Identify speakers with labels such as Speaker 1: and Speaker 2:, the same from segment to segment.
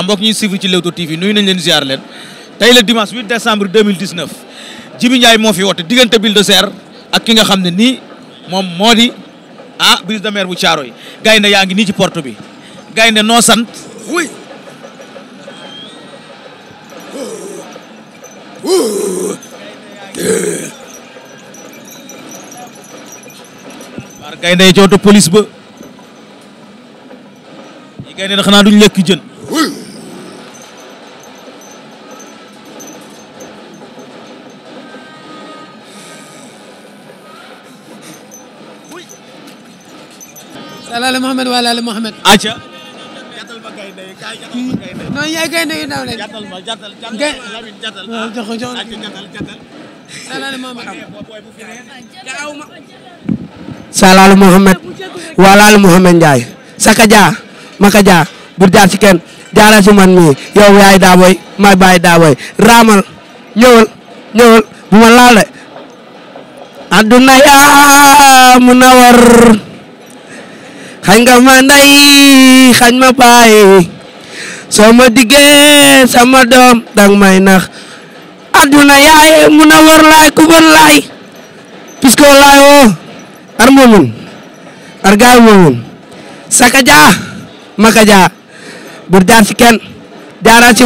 Speaker 1: am mbokk ñuy suivre ci Leewtoo TV nuyu nañ leen ziar leen tey la dimanche 8 décembre 2019 Jibi Ndiaye moo fi woote diggante Bulldozer ak ki nga xam ne nii moom moo di ah Brise de Mer bu caaro yi gaynde yaa ngi nii ci porte bi gaynde noo sant oui oh. Oh. waar gaynde yi ci police ba yi gaynde na xanaa duñ lekk jën salaale Mouhamed wala ala Mouhamed. acca. non Maka Dia bul ci kenn jaarale ci man mii yow yaay daa may baay daa raamal ñëwal ñëwal bu ma laal yaa mu xañ nga ma nday xañ ma baay soo ma diggee sama doom dang may nax àdduna yaaye mun a war laay ku laay puisque laay woo ar moomun ar gaay moomun saka jaa maka jaa bur jaar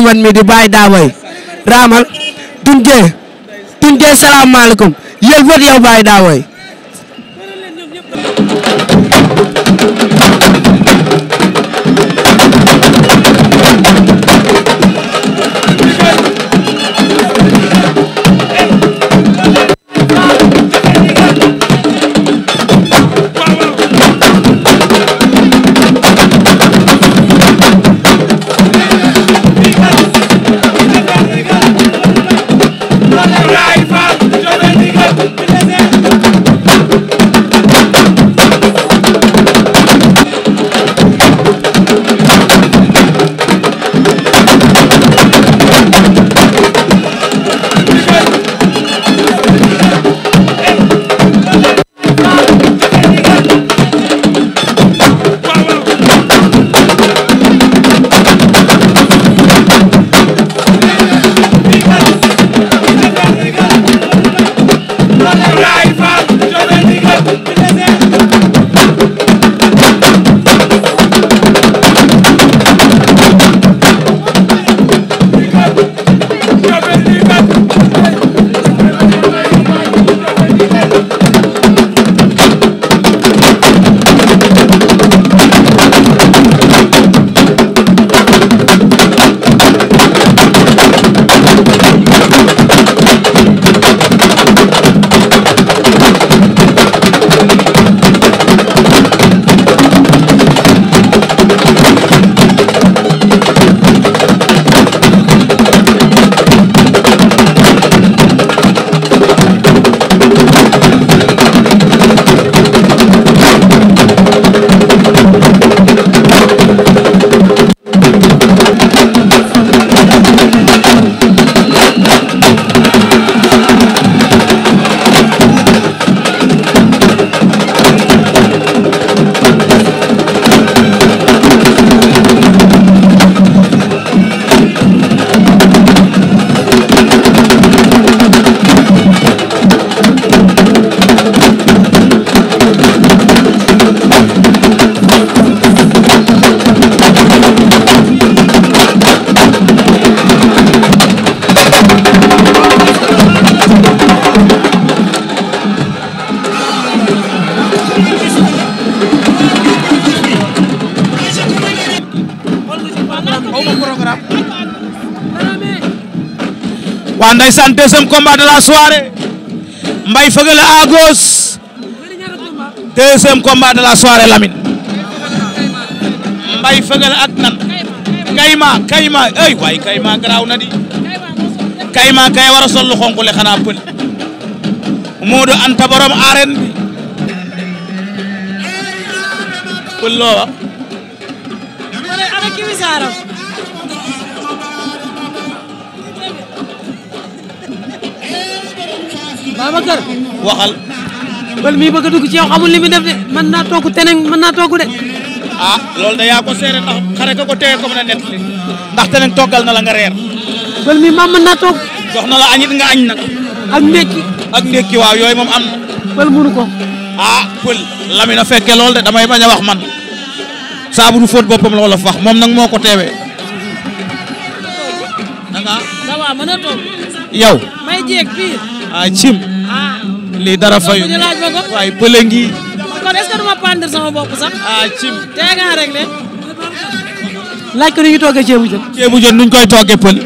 Speaker 1: man mi di baay daa bay raamal dun jee dun jee salaamaaleykum yël bët baay daa way waa ndeysaan deuxième combat de la soirée Mbaye Feugeule à gauche deuxième combat de la soirée ak nan Kayma Kayma ay waay Kayma garaaw di Kayma kay war a sol lu pël Moodu Anta borom arène bi pël loo wax Babacar waxal. bal mii bëgg a dugg ci yow xamul li mu def de mën naa toog teneng mën naa toog de. ah loolu de yaa ko seere ndax xare ko ko téye ko mën a nett li ndax teneng toggal nala la nga reer. bal mii maam mën naa toog. jox na la añit nga añ nag. ak ndekki. ak ndekki waaw yooyu moom am na. bal munu ko. ah pël lamina fekke lool de damay bañ a wax man saabu du fóot boppam la wala fax moom nag moo ko teewee. da a toog. yow. ah cim. ah lii dara fayu. ñu laaj ma kon est-ce que sama bopp sax. ah cim tey nga laaj ko ni ñu ceebu jën. ceebu nuñ koy toogee pël.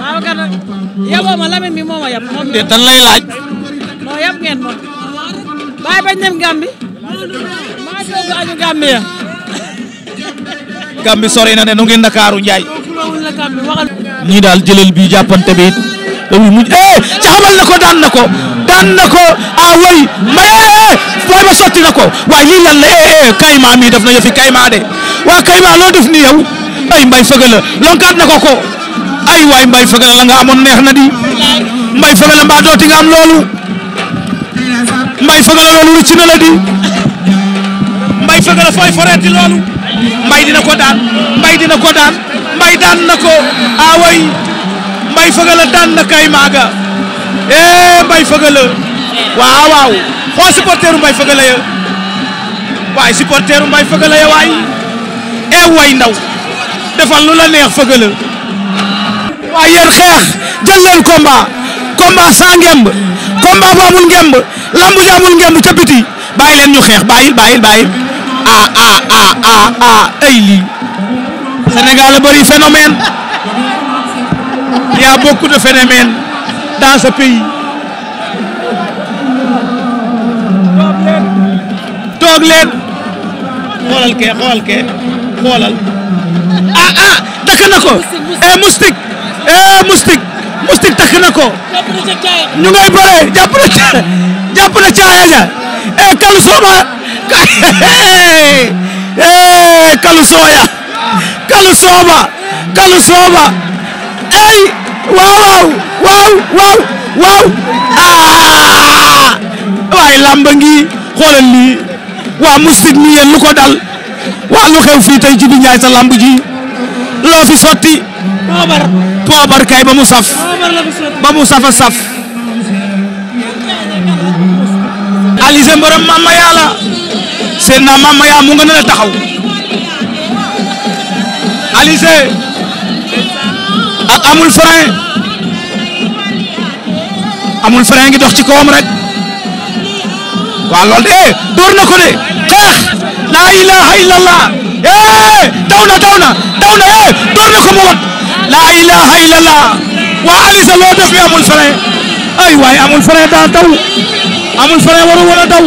Speaker 1: waaw kat nag yaboo ma Lamine bi moo yab. moom de lay laaj. moo yab ngeen moom. bàyyi bañ dem Gàmbi. ya. Gàmbi sori na ne nu Ndakaaru Njaay. ñii daal jëlal bi jàppante bi it. dawul mujj eh daan na ko daan na ko ah way ma eh booy ba sotti na ko waaye lii lan la eh eh, eh kaymaa mii def na yëfi kaymaa de waa kaymaa loo def nii yow ay mbay fëgala lonkaat na ko ko ay waay mbay fëgala la nga amoon neex na di mbay fëgala mbaa dooti nga am loolu mbay fëgala loolu rëcc na la di mbay fëgala fooy foreeti loolu mbay dina ko daan mbay dina ko daan mbay daan na ko ah way mbay fëgala daan na kaymaa ga eh Mbaye Feugeula waaw waaw xool supporteru Mbaye Feugeula ya waaye supporteru Mbaye Feugeula ya waay eh way ndaw defal lu la neex Feugeula waaye yéen xeex jël leen combat combat ngemb combat bu amul ngemb lambu ji ngemb ca biti leen ñu xeex bàyyil bàyyil bàyyil ah ah ah Sénégal a bëri phénomène y a beaucoup dans ce pays. toog leen. toog leen. xoolal kee ah, ah, ko. eh moustique eh moustique moustique takk ko. ñu ngay bëree caaya ja eh kalu sooba eh, kalu sooya kalu sooba kalu sooba ey waaw waaw waaw waaw ah waaye làmba ngi xoolal lii waa moustique mi yéen lu ko dal waa lu xew fii tey ci bi ñaay sa làmb ji loo fi sotti. poobar poobar kay ba mu saf. ba mu saf a saf. Alizé mbërëm Mama Yaa la seen naa Mama Yaa mu nga ne la taxaw Alizé. amul frein amul frein ngi dox ci kawam rek waaw loolu de eh door na ko de xeex laa ilaha illallah eh daw na daw na daw na eh door na ko mu wat laa ilaha illallah waa Alisa loo def bi amul frein ay waay amul frein daa daw amul frein waroo war a daw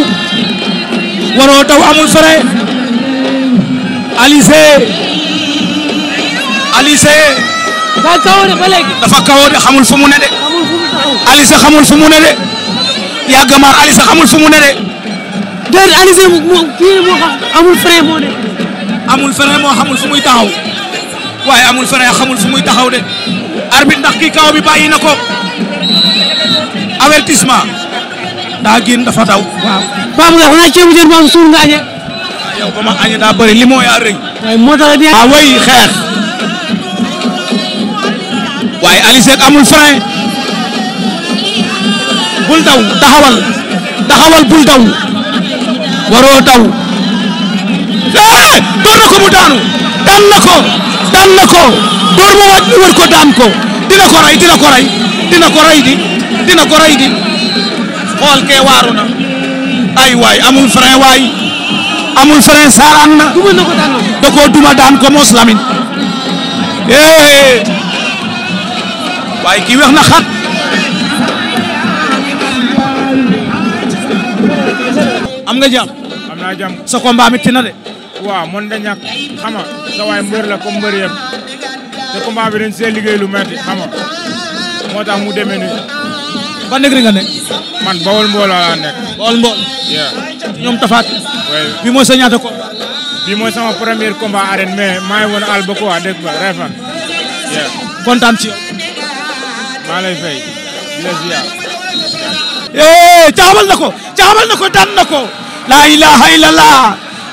Speaker 1: waroo daw amul frein Alise Alise. daa kawoo de dafa kawoo de xamul fu mu ne de. xamul xamul fu mu ne de. yàgg maar Alisa xamul fu mu ne de. déedéet Alisa mu kii moo xam amul frein moo de. amul frein moo xamul fu muy taxaw waaye amul frein xamul fu muy taxaw de. arbitre ndax kii kaw bi bàyyi na ko. avertissement. daa génn dafa daw. waaw Pape Ngaye xanaa ceebu jën moo yaa rëy. waaye moo waaye Alioune Sèye amul frein bul daw taxawal taxawal bul daw waroo daw eh door ko mu daanu daan na ko daan ko door mu wàcc wër ko ko dina ko rey dina ko rey dina ko rey dina ko rey di xool kee waaru ay waay amul frein waay amul frein saaraan da koo duma daan ko mos Lamine eh, eh, eh. waaye kii weex na xat am nga jàmm. naa jàmm sa combat mi tina de. waaw mën na ñàkk xam nga waay mbër la comme mbër yëpp te combat bi dañ see liggéey lu metti xam moo tax mu demee ba nekk nga ne. man bawol mbooloo laa nekk. bawol mbooloo. ñoom tafaat. bi mooy sa ñaata combat. bi mooy sama premier combat arène mais maa ngi woon àll ba quoi dégg nga kontaan ci maa lay fay eh, na ko caxabal na ko daan na ko.
Speaker 2: laa ilaha illallah.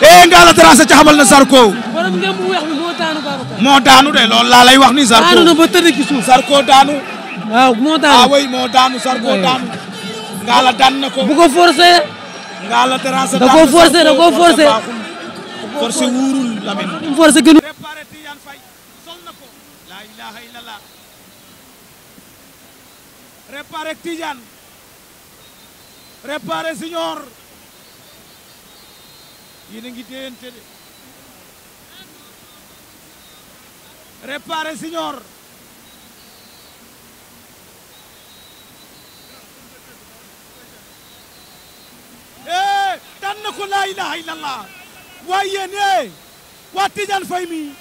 Speaker 1: Eh, nga la tracé caxabal na Zarko. moo daanu de loolu laa lay wax ni Zarko daanu na ba tëdd ah eh. ko bu ko forcé. nga la ko wuurul Lamine. forcé gënu. réparé Tidiane réparé Signor yéen a ngi déyante de réparé Signor eh daan na ko laa ilaaha illallah waaye eh, waa Tidiane Faye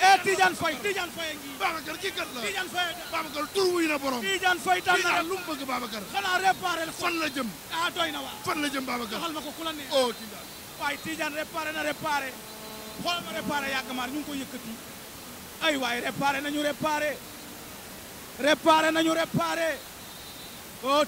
Speaker 1: eh Tidiane Faye Tidiane Faye ngi Babacar kii kat la Tidiane Faye Babacar tur wuy na borom Tidiane Faye tànn na lu mu bëgg Babacar xanaa fan la jëm ah doy na waa fan la jëm Babacar waxal ma ko ku la neex oh waaye Tidiane réparé na réparé ñu ngi ko yëkkati ay waay réparé nañu réparé réparé nañu réparé oh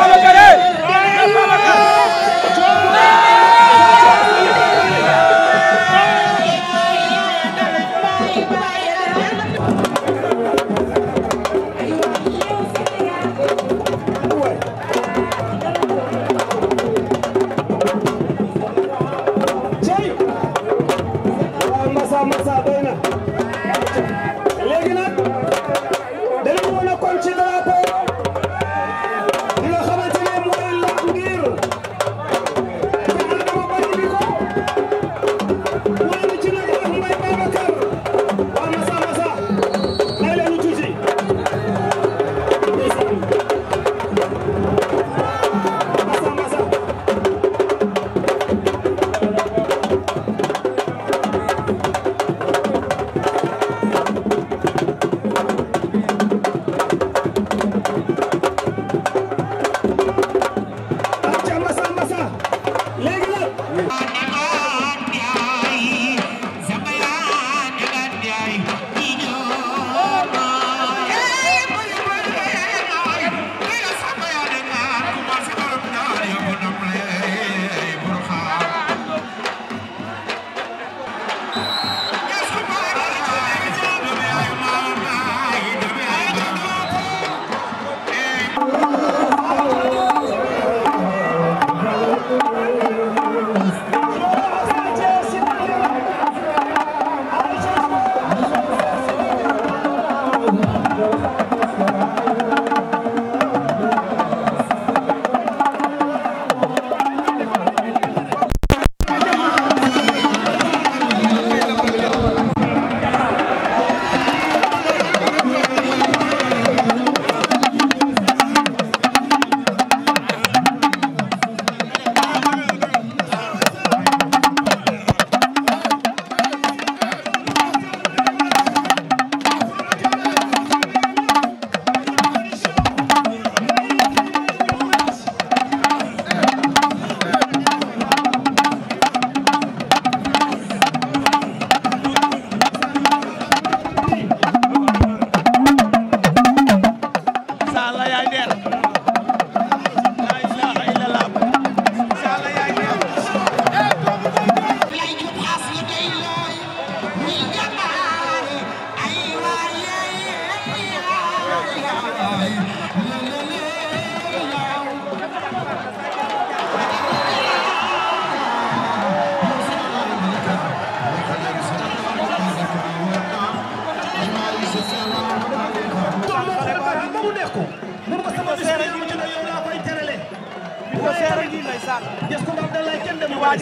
Speaker 1: Babacar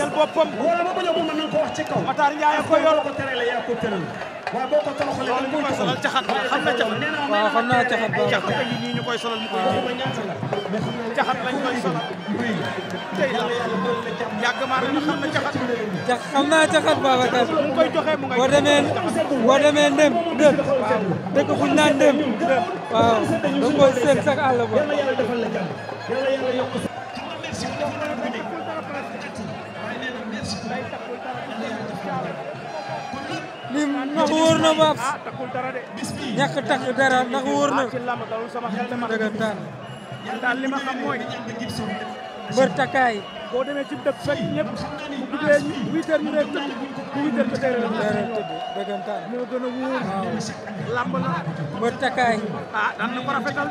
Speaker 1: tëral boppam. wala ba bañ a mën nañ ko wax ci kaw. Matar Ndiaye ko yor ko tëral yaa ko tëral. waaw boo ko toroxalee dañ koy solal caxat xam na caxat. waaw xam naa caxat ba caxat yi nii ñu koy solal ñu koy caxat lañ koy solal. tey la yàgg maa ne xam na caxat. ca xam naa caxat Babacar. mu koy joxe mu ngay demee boo demee dëkk bu naan ndem. waaw da nga koy seet sax àll ndax wóor na Babs ah, ñàkk takk dara ndax wóor na dëggantaan daal li ma xam mooy mbër takkaay boo demee ci dëkk fekk ñëpp bu duggee huit heures ñu lay tëdd bu huit heures tëddee la la tëdd dëggantaan moo gën a wóor làmb la mbër takkaay ah daan na ko rafetal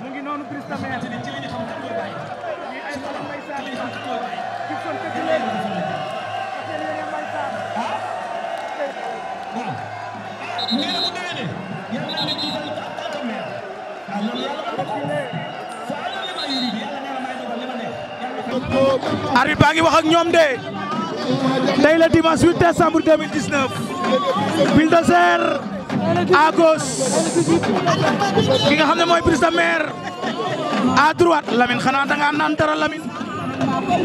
Speaker 1: mu ngi noonu Brise arbitre baa ngi wax ak ñoom de tey la dimanche 8 décembre 2019 Bulldozer à gauche ki nga xam ne mooy Brise de Mer à droite xanaa da ngaa naan dara Lamine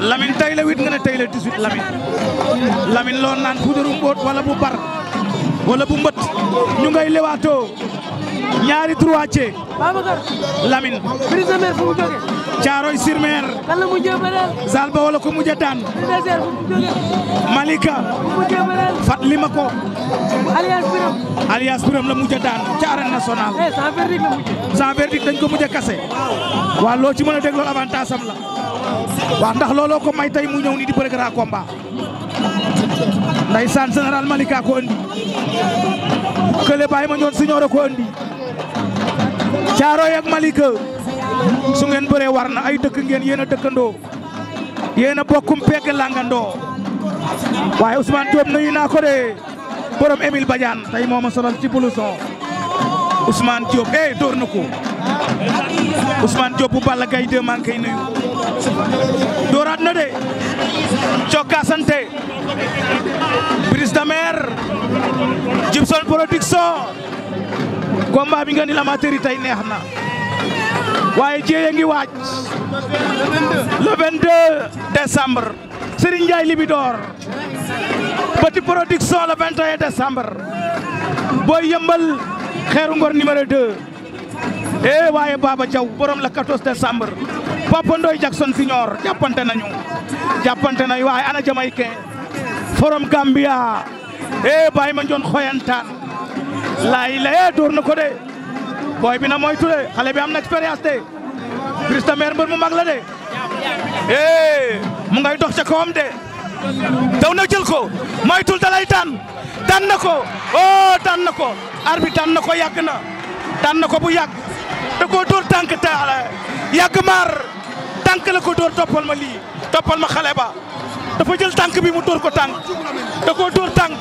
Speaker 1: Lamine tey la nga ne tey la 18 Lamine Lamine naan puudaru mbóot wala bu bar wala bu mbët ñu ngay lewaatoo ñaari droitier Lamine Brise Caaroy sur Mer. kan la mujjee ko mujjee daan. Malika. fàttali ma ko. alias Biram. alias Biram la mujjee daan ca arène nationale. eh sans verdict la mujjee. dañ ko mujjee kase. waa loo ci mën a dégg loolu avantage la. waa ndax looloo may tey mu ñëw nii di bëre grand combat. ndeysaan général Malika ko andi. kële ma ñoon siñoor ko andi. Caaroy ak su ngeen bëree war na ay dëkk ngeen yéen a dëkkandoo yéen a bokkum pegg làngandoo waaye Ousmane Diop nuyu naa ko de borom Émile Badiane tey moo ma ci blouson Ousmane Diop eh door na ko Ousmane Diop bu Balla Gaye 2 maa ngi koy nuyu na de cokkaasante Brise de Mer Jibson Production combat bi nga ni amateur yi neex na waaye jéeya ngi waaj le 22 décembre Serigne Ndiaye Libidor petit production le 21 décembre booy yëmbal xeeru ngor numéro 2 eh waaye Baba Diaw borom la 14 décembre Papa Ndoy Jackson jàppante nañu jàppante nañu waaye ana jamaïcain forom Gambia eh bàyyi ma njoon xoyantaan laay door na ko de booy bi na mooy ture xale bi am na expérience te Brise de mbër mu mag la de eh mu ngay dox ca kawam de daw na jël ko moytul dalay daan daan na ko oh daan na ko bi daan na ko yàgg na daan na ko bu yàgg da koo dóor tànk te yàgg maar tànk la ko dóor toppal ma lii toppal ma xale ba dafa jël tànk bi mu dóor ko tànk da koo dóor tànk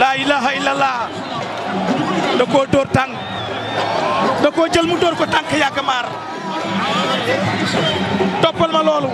Speaker 1: laa ilaha illallah da koo dóor tànk da koo jël mu dóor ko tànk yàgg maar toppal ma loolu.